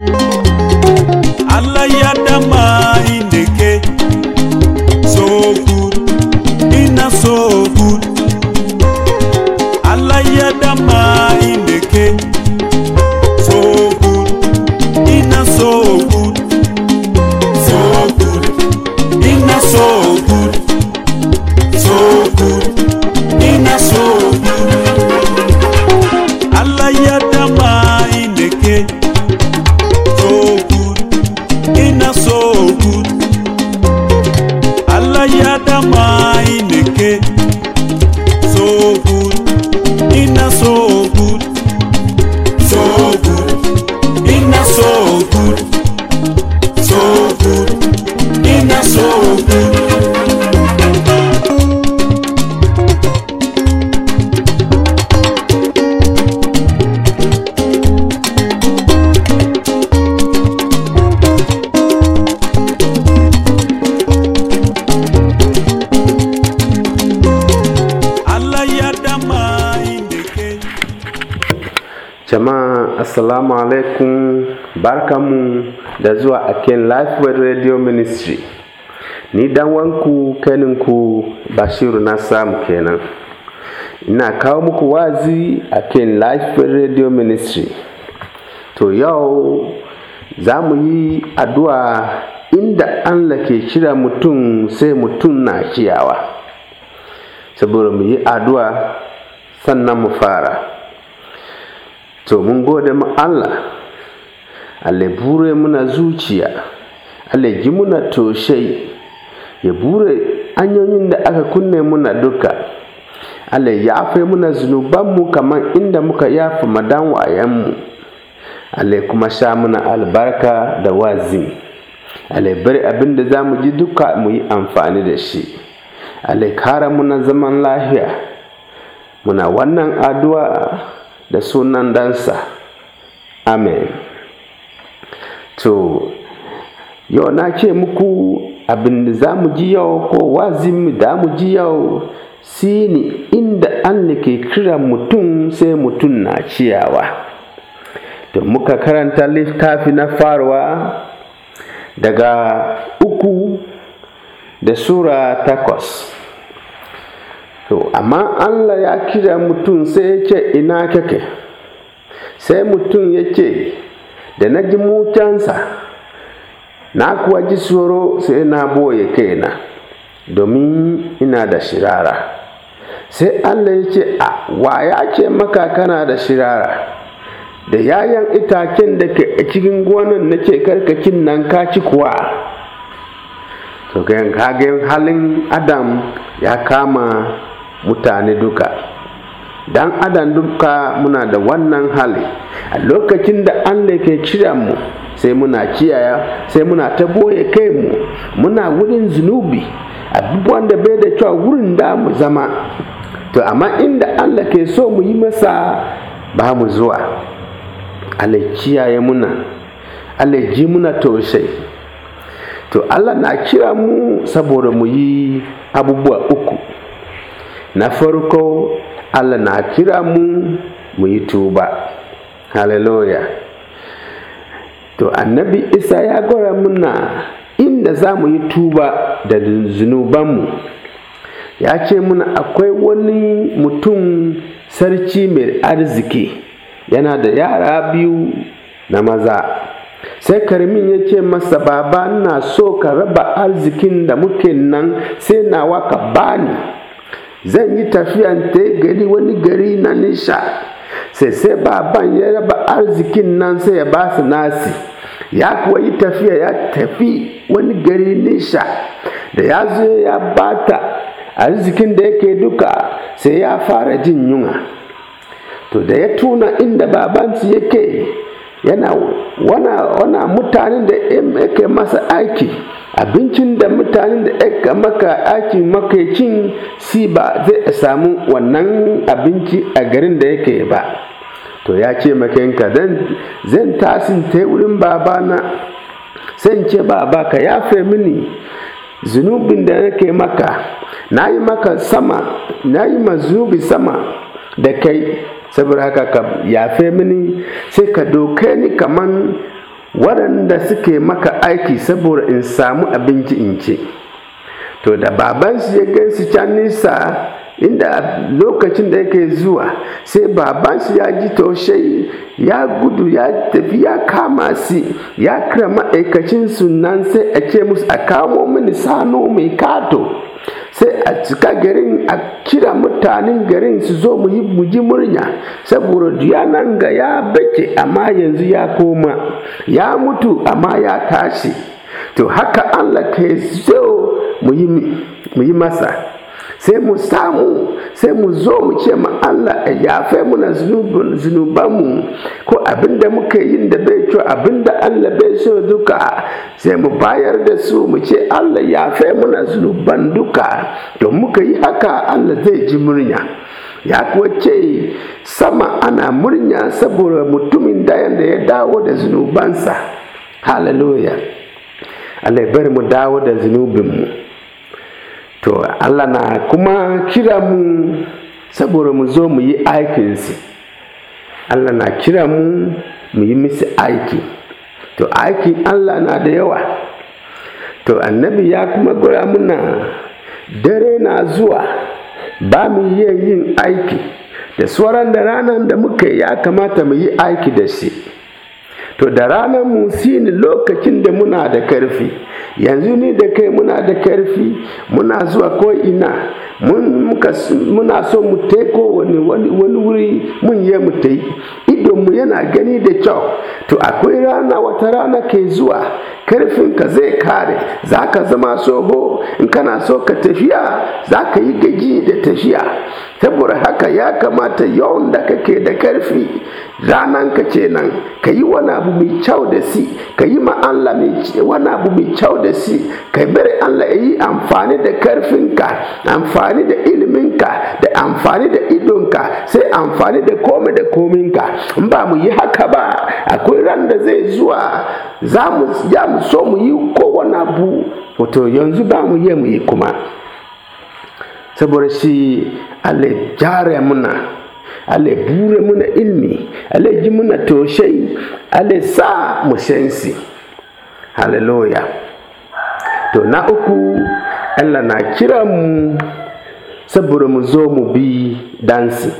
you assalamu alaikum barkamu da zuwa a akan lifeway radio ministry ni dan wanku ku bashiru na samu kenan ina kawo muku wazi akan lifeway radio ministry to yau za mu yi addu'a inda allah ke kira mutum sai mutum na kiyawa saboda mu yi addu'a sannan mu fara to mun gode mu Allah Allah bure muna zuciya Allah ji muna toshai ya bure hanyoyin da aka kunne muna duka Allah ya afe muna mu kamar inda muka yafa madan mu Allah kuma sha muna albarka da wazi Allah bari abin da za mu ji duka mu yi amfani da shi Allah kara muna zaman lafiya muna wannan addu'a da sunan dansa amen to yau na ce muku abin da za mu ji yau ko wazin da mu ji yau si ne inda Allah ke kira mutum sai mutum na ciyawa to muka karanta littafi na farwa daga uku da sura takwas to amma allah ya kira mutum sai ya ce ina kake sai mutum ce da na ji mutansa na kuwa ji tsoro sai na boye na domin ina da shirara sai allah ya ce a wa ya ce maka kana da shirara da yayan itacen da ke a cikin gonan na ce karkakin nan ka ci kuwa to kagen halin adam ya kama mutane duka dan adam duka muna da wannan hali a lokacin da allah ke mu sai muna kiyaya sai muna ta boye kai mu muna wurin zunubi abubuwan da bai da kyau wurin da mu zama to amma inda allah ke so mu yi masa ba mu zuwa allah kiyaye muna allah ji muna taushe to allah na kira mu saboda mu yi abubuwa uku na farko allah na kira mu mu yi tuba hallelujah to annabi isa ya gwara muna inda za mu yi tuba da zunubanmu ya ce muna akwai wani mutum sarki mai arziki yana da yara biyu na maza sai karmin ya ce masa baba na so ka raba arzikin da muke nan sai nawa ka bani zan yi tafiya ta gari wani gari na nisha sai sai ba ban ya raba arzikin nan sai ya ba su nasi ya kuwa yi tafiya ya tafi wani gari nisha da ya zo ya bata arzikin da yake duka sai ya fara jin yunwa to da ya tuna inda babansu yake yana wana, wana mutanen da yake masa aiki abincin da mutanen da ya maka maka makaicin si ba zai samu wannan abinci a garin da yake ba to ya ce makinka zan tasin ta wurin babana sai ce baba ka yafe mini zunubin da yake maka na yi maka sama na yi ma sama da kai saboda haka ka yafe mini sai ka doke ni kaman waɗanda suke maka aiki saboda in samu abinci in ce to da babansu ya su can nisa inda lokacin da yake zuwa sai babansu ya ji taushe ya gudu ya tafi ya kama si ya kira ma'aikacin sunan sai a ce musu a kamo mini sano mai kato sai a cika garin a kira mutanen garin su zo mu ji murya saboda nan ga ya bake amma yanzu ya koma ya mutu amma ya tashi to haka Allah kai zo mu yi masa sai mu samu sai mu zo mu ce ma Allah ya fai muna zunubanmu ko abinda da muka yin da bai kyau abin da Allah bai so duka sai mu bayar da su mu ce Allah ya fai muna zunuban duka don muka yi haka Allah zai ji murya ya kuwa ce sama ana murya saboda mutumin dayan da ya dawo da zunubansa hallelujah Allah ya bari mu dawo da zunubinmu to Allah na kuma kira mu saboda mu zo mu yi aikinsa Allah na kira mu mu yi misi aiki to aikin Allah na da yawa to annabi ya kuma gura muna dare na zuwa ba mu iya yin aiki da tsoron da ranar da muka ya kamata mu yi aiki da shi to da ranar mu Sini lokacin da muna da karfi yanzu ni da kai muna da karfi muna zuwa ko ina muna so mu teko wani wuri mun yi mu ta yi mu yana gani da kyau to akwai rana wata rana ke zuwa ka zai kare za ka zama soho in kana so ka tafiya za ka yi gaji da tafiya saboda haka ya kamata yawan da kake da karfi ranan ka ce nan ka yi wani abu mai kyau da si ka yi ma Allah wani abu mai kyau da si ka bari Allah ya yi amfani da karfinka amfani amfani da iliminka da amfani da idonka sai amfani da komai da kominka in ba mu yi haka ba akwai ran da zai zuwa za mu ya mu so mu yi kowane abu wato yanzu ba mu yi mu yi kuma saboda shi Allah jare muna Allah bure muna ilmi ale ji muna toshai Allah sa mu shensi hallelujah to na uku Allah na kiran mu saboda mu zo mu bi dansi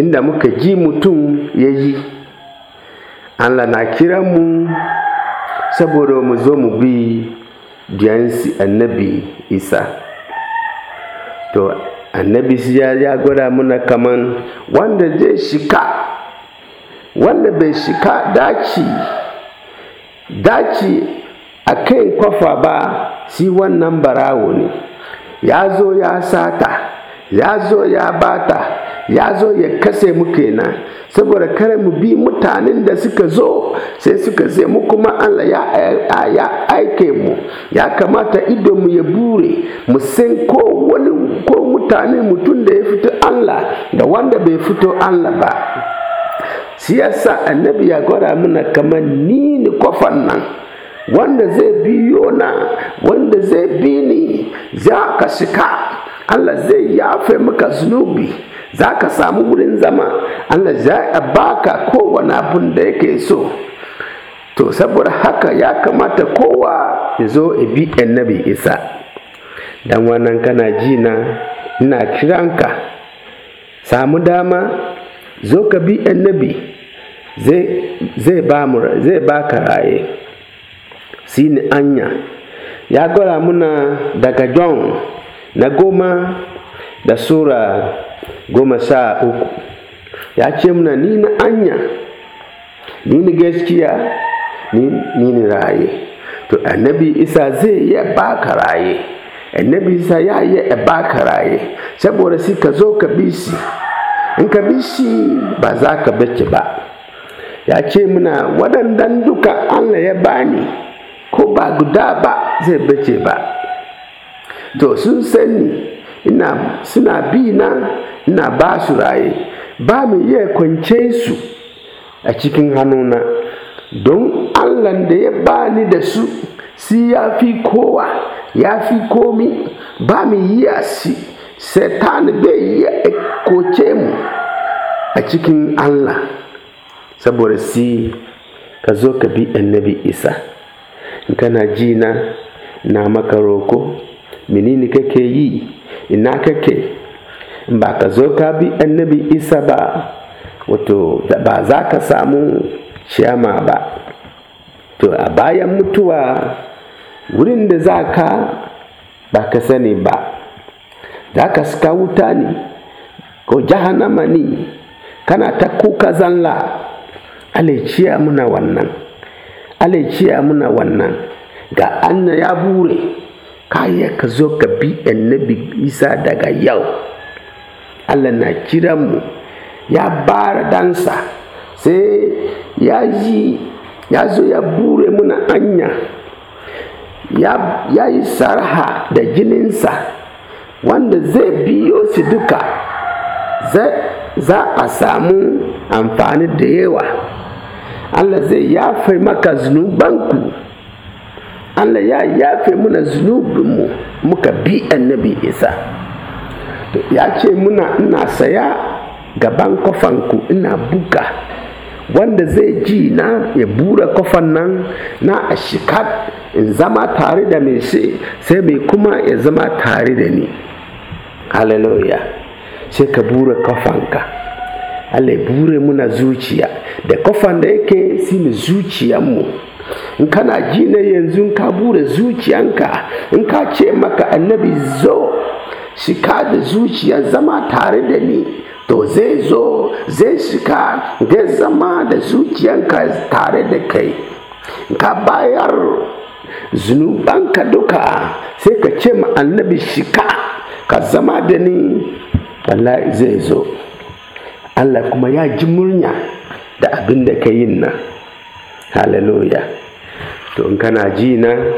inda muka ji mutum ya yi Allah na kira mu saboda mu zo mu bi duyansi annabi isa to annabi siya ya gwada muna kaman wanda zai shika wanda bai shika daci daci a kai kwafa ba si wannan barawo ne ya zo ya sata ya zo ya bata ya zo ya kase mu kenan saboda kare mu bi mutanen da suka zo sai suka zai mu kuma Allah ya aike mu ya kamata ido mu ya bure mu san ko wani ko mutane mutum da ya fito Allah da wanda bai fito Allah ba siyasa annabi ya gwada mana kamar ni ni kofan nan wanda zai biyo na wanda zai bi ni za ka shika Allah zai yafe maka zunubi za ka samu wurin zama Allah za a baka kowane abin da yake so to saboda haka ya kamata kowa ya zo a bi annabi isa dan wannan kana ji na ina kiranka samu dama zo ka bi annabi zai ba ka raye shine anya ya gwada muna daga john na goma da sura goma sa uku ya ce muna ni na anya ni ni gaskiya ni ni raye to annabi isa zai yi baka raye annabi isa ya yi baka raye saboda si ka zo ka bi in ka bi shi ba za ka bace ba ya ce muna waɗannan duka allah ya bani ko ba guda ba zai bace ba to sun sani ina suna bi na ina ba su raye ba mu iya kwance su a cikin hannuna don allah da ya bani da su si ya fi kowa ya fi komi ba mu iya si satan bai iya koce mu a cikin allah saboda si ka zo ka bi annabi isa kana jina na makaroko, maka roko menene kake yi ina kake ba ka zo ka bi annabi isa ba wato ba za ka samu ciyama ba to a bayan mutuwa wurin da za ka ba ka sani ba za ka suka wuta ne ko jahannama ne kana ta kuka zanla alaiciya muna wannan Allah ya muna wannan ga annan ya bure kaya ka zo ka bi annabi isa daga yau Allah na kira mu ya bara dansa sai ya ji ya zo ya bure muna anya ya yi sarha da jininsa wanda zai biyo su duka za a samu amfani da yawa Allah zai yafe maka zunubanku Allah ya yafe muna zunubinmu muka bi annabi isa ya ce muna ina saya gaban kofanku ina buga wanda zai ji na ya bura kofan nan na a shikar in zama tare da mai shi sai mai kuma ya zama tare da ni hallelujah sai ka bura kofanka Allah bure muna zuciya da kofan da yake zuciya mu? in kana ji ne yanzu ka bure zuciyanka in ka ce maka annabi zo shika da zuciya zama tare da ni to zai zo zai shika da zama da zuciyanka tare da kai ka bayar zunubanka duka sai ka ce ma annabi shika ka zama da ni wallahi zai zo Allah kuma ya ji murya da abin da ka yin nan hallelujah to in kana ji na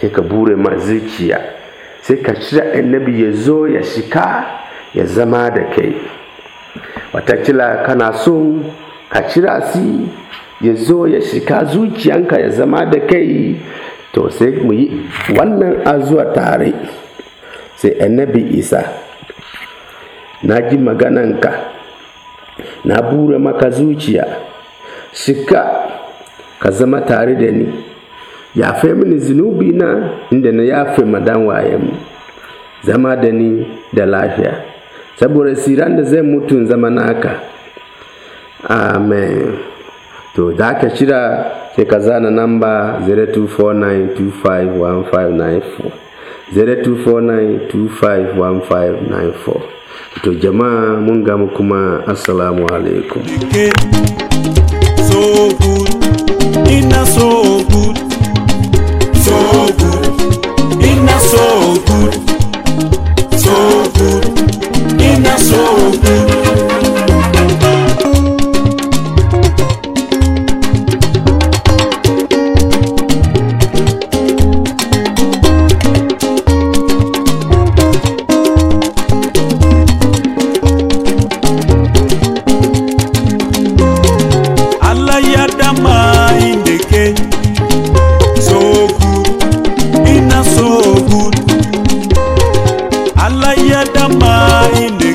sai ka bure ma zuciya sai ka cire annabi ya zo ya shika ya zama da kai watakila kana so ka cira si ya zo ya shika zuciyanka ya zama da kai to sai mu yi wannan azuwa tare sai annabi isa na ji magananka na bura maka zuciya shika ka zama tare da ni yafe mini zunubi na inda na yafe madan wayenmu zama da ni da lafiya saboda siran da zai mutu zama naka amen to da ka shira sai ka zana namba 0249251594 0249251594 to jama'a mun gamu kuma assalamu alaikum so good so good so good so good so good binadamu ini